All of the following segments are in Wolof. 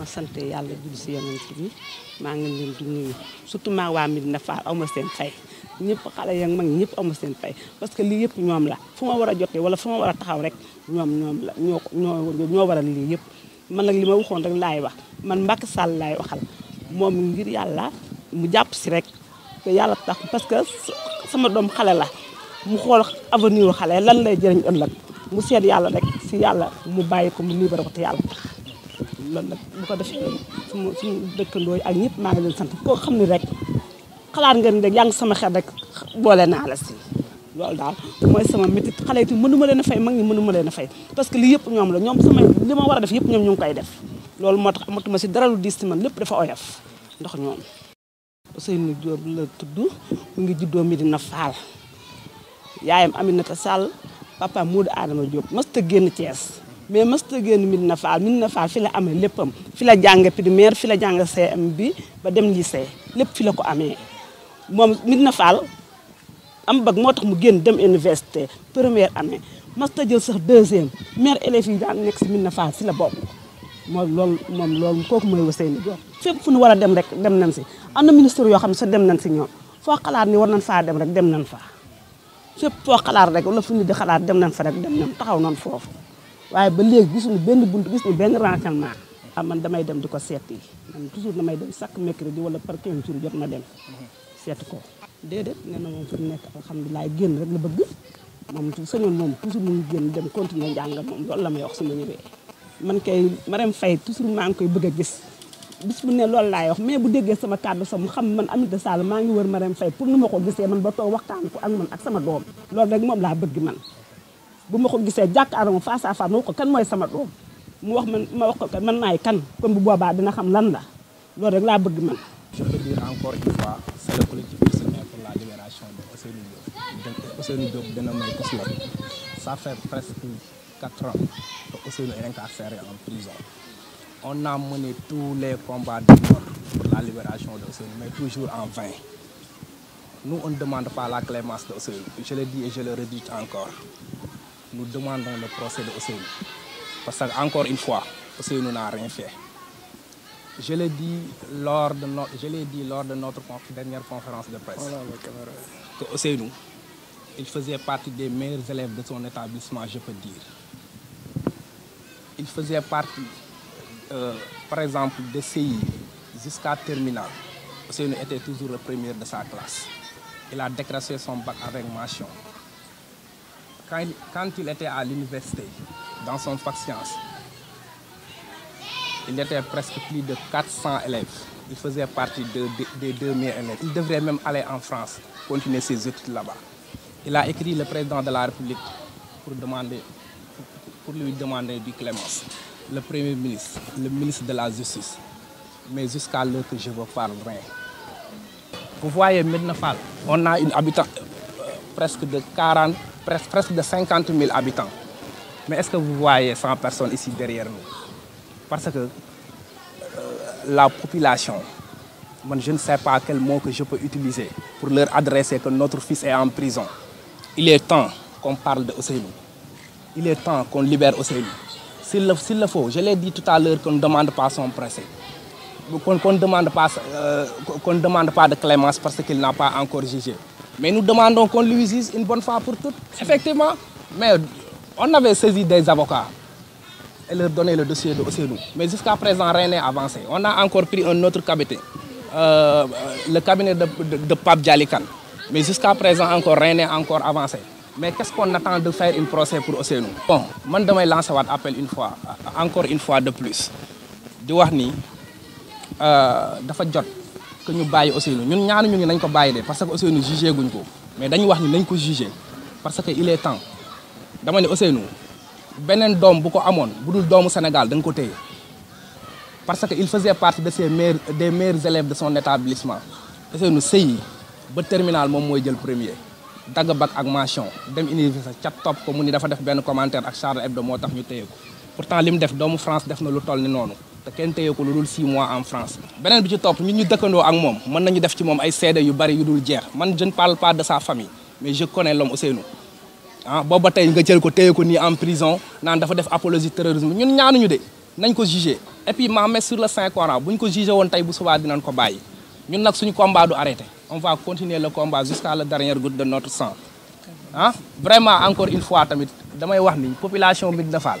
ma sant yàlla julli si yonent bi maa nga leen di surtout maa waa Medina Fall aw ma seen fay ñëpp xale ya mag ñëpp aw seen fay parce que lii yëpp ñoom la fu ma war a jotee wala fu ma war a taxaw rek ñoom ñoom la ñoo ñoo ñoo waral lii yëpp man nag li ma waxoon rek laay wax man Macky Sall laay waxal moom ngir yàlla mu jàpp si rek te yàlla tax parce que sama doom xale la mu xool avenir xale lan lay jëriñ ëllëg mu seet yàlla rek si yàlla mu bàyyi ko mu libéré loolu nag bu ko defee suñu suñu dëkkandoo ak ñëpp maa ngi leen sant koo xam ne rek xalaat nga ni rek sama xel rek boole naa la si loolu daal mooy sama métit xale yi mënu ma leen fay mag ñi mënu leen a fay parce que lii yëpp ñoom la ñoom sama li ma def yëpp ñoom ñu koy def loolu moo tax amatuma si dara lu diis si man lépp dafa oyof ndax ñoom Ousseynou Diop la tudd mu ngi juddoo Medina Fall yaayam Aminata Sall papa Modou Adama Diop mas ta génn Thiès mais mësta génn mit na faal mit na faal fi la amee léppam fi la jàng primaire fi la jàng CM bi ba dem lycée lépp fi la ko amee moom mit na faal am bag moo tax mu génn dem université première année mësta jël sax deuxième mère élèves yi daan nekk si mit na faal si la bokk moom loolu moom loolu kooku mooy Ousseynou Diop fépp fu ñu war a dem rek dem nañ si am na ministre yoo xam ne sa dem nañ si ñoom foo xalaat ni war nañ faa dem rek dem nañ fa fépp foo rek wala fu ñu di xalaat dem nañ fa rek dem nañ taxaw nañ foofu waye ba léegi gisuñu benn bunt gisuñu benn renseignement ah man damay dem diko setti man toujours damay dem chaque mercredi wala par 15 jours jot ma dem setti ko dedet nee mom moom fi mu nekk alhamdulilah rek la bëgg tu sañoon mom toujours mu ngi génn dem continuer njàngam mom lol lamay wax su ma man kay Marème fay toujours ma ngi koy bëgg gis bis bu ne lol lay wax mais bu déggé sama kàddu sama xam man amida Sall ma ngi wër Marème fay pour numako gisé man ba to waxtaan ko ak man ak sama doom lol rek mom la bëgg man bu ma ko gisee jàkkaarloo face à face ma wax ko kan mooy sama doom mu wax man ma wax ko kan man maay kan comme bu boobaa dina xam lan la loolu rek laa bëgg man. je peux dire encore une fois c'est le collectif Ousseynou pour la libération de Ousseynou Diop donc Ousseynou Diop dina may ko ça fait presque quatre ans que Ousseynou est incarcéré en prison on a mené tous les combats de monde pour la libération de Ousseynou mais toujours en vain. Nous, on ne demande pas la clémence de Ousseynou. Je le dis et je le redis encore nous demandons le procès de Océanou. Parce encore une fois, Océanou n'a rien fait. Je l'ai dit, lors de notre dernière conférence de presse voilà, que il faisait partie des meilleurs élèves de son établissement, je peux dire. Il faisait partie, euh, par exemple, de CI jusqu'à terminal. Océanou était toujours le premier de sa classe. Il a décroché son bac avec mention quand il était à l'université, dans son fac science, il était presque plus de 400 élèves. Il faisait partie des de, 2000 élèves. Il devrait même aller en France, continuer ses études là-bas. Il a écrit le président de la République pour, demander, pour lui demander du clémence. Le premier ministre, le ministre de la Justice. Mais jusqu'à l'heure que je vous parle, rien. Vous voyez, maintenant, on a une habitante euh, presque de 40 presque de 50 000 habitants. Mais est-ce que vous voyez 100 personnes ici derrière nous Parce que euh, la population, je ne sais pas quel mot que je peux utiliser pour leur adresser que notre fils est en prison. Il est temps qu'on parle de Il est temps qu'on libère Océanou. S'il le, faut, je l'ai dit tout à l'heure qu'on ne demande pas son procès. Qu'on ne demande, euh, demande pas de clémence parce qu'il n'a pas encore jugé. Mais nous demandons qu'on lui dise une bonne fois pour toutes. Effectivement, mais on avait saisi des avocats et leur donné le dossier de Océanou. Mais jusqu'à présent, rien n'est avancé. On a encore pris un autre cabinet, euh, le cabinet de, Pape Djalikan. Mais jusqu'à présent, encore, rien n'est encore avancé. Mais qu'est-ce qu'on attend de faire un procès pour Océanou Bon, moi, je lance un appel une fois, encore une fois de plus. Je euh, de que ñu bàyyi aussi. ñun ñaanu ñu nañ ko bàyyi de parce que Ousseynou jugé guñ ko mais dañu wax ni nañ ko parce que il est temps dama ne Ousseynou Benin, DOM, bu ko beaucoup bu DOM Sénégal d'un côté. ko parce que il faisait partie de ses meilleurs des meilleurs élèves de son établissement Nous sëyi ba terminal moi mooy jël premier dagg agmation, ak mention dem université cat top ko mu ni dafa def benn commentaire ak Charles Hebdo moo ñu ko pourtant li DOM def France def na lu toll ni noonu te kenn téye ko lu dul 6 mois en France beneen bi ci topp ñun ñu dëkkandoo ak moom mën nañu def ci moom ay seede yu bari yu dul jeex man je ne parle pas de sa famille mais je connais l'homme Ousseynou ah booba tey nga jël ko téye ko nii en prison naan dafa def apologie terrorisme ñun ñaanuñu de nañ ko jugé et puis Mahomet sur le Saint Coran bu ñu ko jugé woon tey bu subaa dinañ ko bàyyi ñun nag suñu combat du arrêté on va continuer le combat jusqu'à la dernière goutte de notre sang ah vraiment encore une fois tamit damay wax ni population bi dafal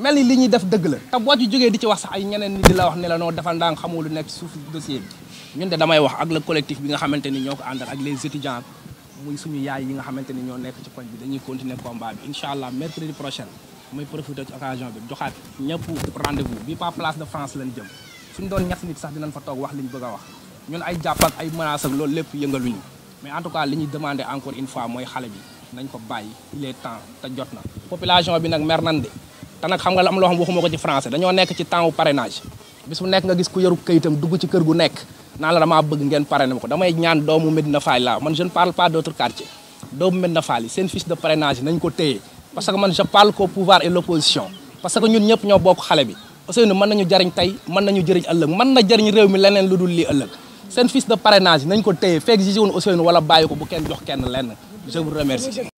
mel ni li ñuy def dëgg la te boo ci jógee di ci wax sax ay ñeneen ni la wax ne la noo dafa ndànk xamoo lu nekk suuf dossier bi ñun de damay wax ak le collectif bi nga xamante ni ñoo ko àndal ak les étudiants muy suñu yaay yi nga xamante ñoo nekk ci koñ bi dañuy continuer combat bi incha allah mercredi prochain muy profiter ci occasion bi joxaat ñëpp rendez-vous bi pas place de France lañ jëm suñ doon ñett nit sax dinañ fa toog wax li ñu en tout cas li ñuy demander encore une fois bi nañ ko na te nag xam nga am loo xam waxuma ko ci français dañoo nekk ci temps parrainage bis bu nekk nga gis ku yoru kayitam dugg ci kër gu nekk naa la damaa bëgg ngeen parrainé ma ko damay ñaan doomu Medina Fall laa man je ne parle pas d' autre quartier doomu Medina Fall yi seen fiche de parrainage nañ ko téye parce que man je parle qu'au pouvoir et l' parce que ñun ñëpp ñoo bokk xale bi Ousseynou mën nañu jariñ tey mën nañu jëriñ ëllëg mën na jëriñ réew mi leneen lu dul lii ëllëg seen fiche de parrainage nañ ko téye wala bàyyi ko bu kenn jox kenn lenn je vous remercie